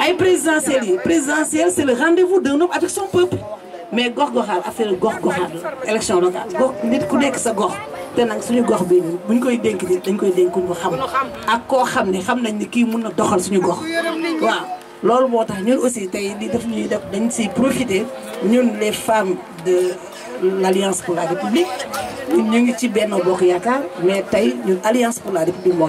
ay présidentiel, présidentiel, présidentielle c'est le rendez-vous d'un homme avec son peuple mais Gorgoral a fait gox goxaal élection locale gox nit ku nekk sa gox te nag suñu gox bi ñu buñ koy dénk nit dañ koy dénk ñu xam ak koo xam ne xam nañ ni kii mun doxal suñu gox waaw loolu moo tax aussi tey li def ñuy def dañ profiter ñun les femmes de l'Alliance pour la République ñun ñu ngi ci Benno Bokk Yaakaar mais tey ñun Alliance pour la République moo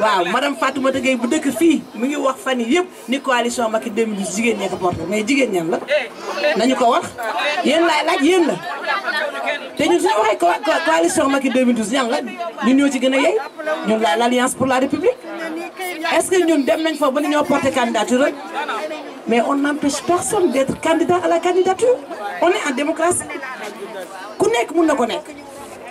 waaw madame Fatoumata Gaye bu dëkk fii mi ngi wax fan yii ni coalition Macky 2012 jigéen ñee ko porté mais jigéen ñan la nañu ko wax yéen laay laaj yéen la te ñun suñu waxee coalition Macky 2012 ñan la ñun ñoo ci gën a yey ñun laay l'alliance pour la république est-ce que ñun dem nañ fa ba ñoo candidature mais on n'empêche personne d'être candidat à la candidature on est en démocratie ku nekk ne na ko nekk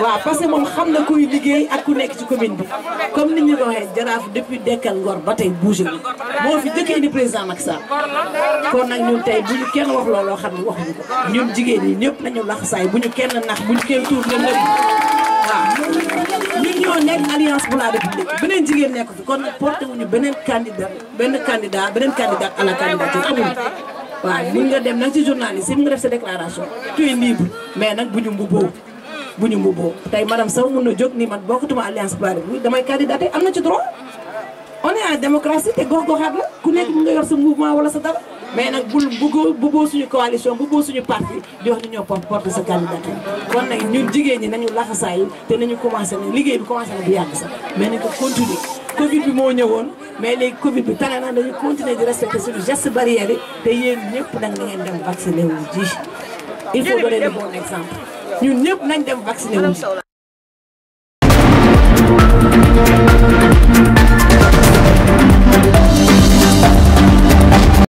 waaw parce que moom xam na koy liggéey ak ku nekk ci commune bi comme nit ñu ko waxee jaraaf depuis dekkal ngor ba tey bougé moo fi jëkkee ni président Macky Sall kon nag ñun tey bu ñu kenn wax looloo xam ne waxuñu ko ñun jigéen ñi ñëpp nañu laxasaay bu ñu kenn nax bu ñu kenn tuur nga nëb waaw ñun ñoo nekk alliance pour la république beneen jigéen nekku fi kon nag porté wuñu beneen candidat benn candidat beneen candidat à la candidature amuñu waaw mun nga dem nag ci journaliste yi mun nga def sa déclaration mais nag bu ñu mbubboo bu ñu mbubboo tey madame Sow mën na jóg ni man bokkutuma alliance Baare bi damay candidaté am na ci droit on est en te gox-goxaat la ku nekk mu nga yor sa mouvement wala sa dara mais nag bul buggoo buggoo suñu coalition buggoo suñu parti di wax ni ñoo porte sa candidature kon nag ñun jigéen ñi nañu laxasaay te nañu commencé ne liggéey bi commencé na bu yàgg sax mais nañ ko continuer covid bi moo ñëwoon mais léegi covid bi tane na dañu continuer di respecter suñu geste dem vacciné wu exemple ñun ñëpp nañ dem vacciné wu